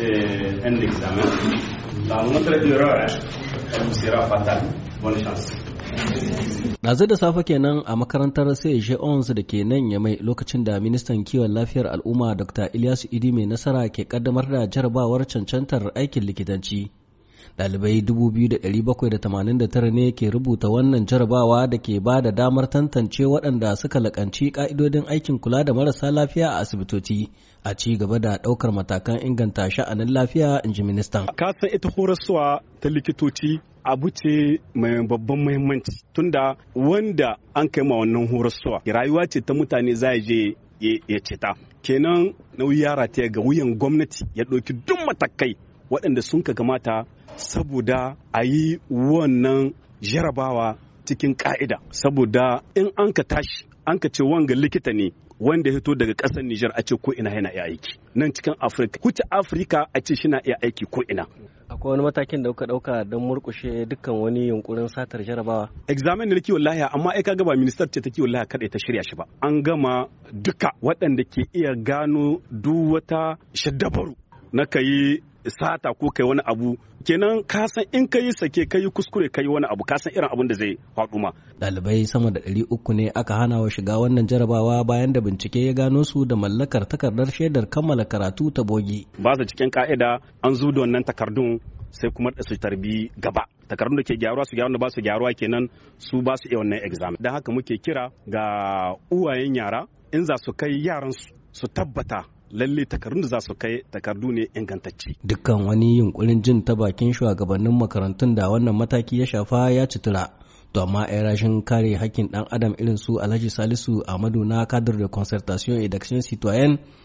un da safe kenan a makarantar CG 11 da ke nan ya mai lokacin da ministan kiwon lafiyar al'umma Dr. Ilyasu Idi mai nasara ke kaddamar da jarabawar cancantar aikin likitanci Ɗalibai 2,789 ne ke rubuta wannan jarabawa da ke ba da damar tantance waɗanda suka lakanci ƙa'idodin aikin kula da marasa lafiya a asibitoci a ci gaba da ɗaukar matakan inganta sha'anin lafiya in ji ministan. Ka san ita horaswa ta likitoci abu ce mai babban muhimmanci tunda wanda an kai ma wannan horaswa rayuwa ce ta mutane za je ya ceta kenan nauyi yara ta ga wuyan gwamnati ya ɗauki duk matakai waɗanda sun ka gamata saboda a yi wannan jarabawa cikin ka'ida saboda in an ka tashi an ka ce wanga likita ne wanda ya fito daga ƙasar Nijar a ce ko ina yana iya aiki nan cikin Afirka kuce Afirka a ce shi na iya aiki ko ina akwai wani matakin da kuka dauka don murkushe dukkan wani yunkurin satar jarabawa examen na kiwon lahiya amma ai kaga ba minister ce ta kiwon lahiya kadai ta shirya shi ba an gama duka waɗanda ke iya gano duk wata shaddabaru na kai. sata ko kai wani abu kenan ka san in ka yi sake ka yi kuskure ka wani abu ka san irin abin da zai faɗu ma. Ɗalibai sama da ɗari uku ne aka hana wa shiga wannan jarabawa bayan da bincike ya gano su da mallakar takardar shaidar kammala karatu ta bogi. Ba su cikin ka'ida an zo da wannan takardun sai kuma da su tarbi gaba takardun da ke gyaruwa su gyaruwa da ba su gyaruwa kenan su ba su iya wannan exam don haka muke kira ga uwayen yara in za su kai yaran su tabbata lalle takardun da za su kai takardu ne ingantacce. Dukkan wani yunkurin jin ta bakin shugabannin makarantun da wannan mataki ya shafa ya citura. To amma ‘yan rashin kare hakkin ɗan adam irin su Alhaji Salisu Ahmadu na kadar da concertation et d'action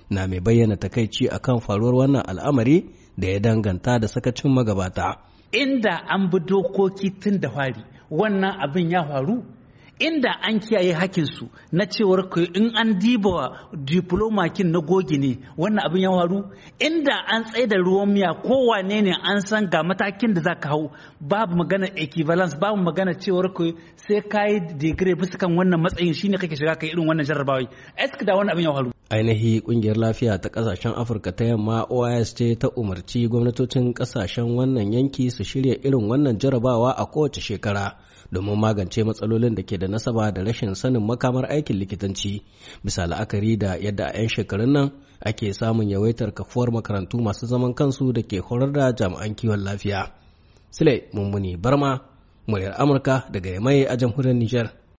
na mai bayyana takaici a kan faruwar wannan al'amari da ya danganta da sakacin magabata. Inda an bi dokoki tun da fari wannan abin ya faru inda an kiyaye hakinsu na cewar in an diba diplomakin na gogi ne wannan abin ya waru inda an tsaida ruwan miya kowane ne an san ga matakin da za ka hau babu magana equivalence babu magana cewar ku sai ka yi digire bisa kan wannan matsayin shine kake shiga kai irin wannan jarrabawai esk da wannan abin ya waru ainihi kungiyar lafiya ta kasashen afirka ta yamma ois ce ta umarci gwamnatocin kasashen wannan yanki su shirya irin wannan jarabawa a kowace shekara domin magance matsalolin da ke da nasaba da rashin sanin makamar aikin likitanci bisa la'akari da yadda a 'yan shekarun nan ake samun yawaitar kafuwar makarantu masu zaman kansu da ke horar da jami'an kiwon lafiya sule mummuni barma muryar amurka daga yamai a jamhuriyar nijar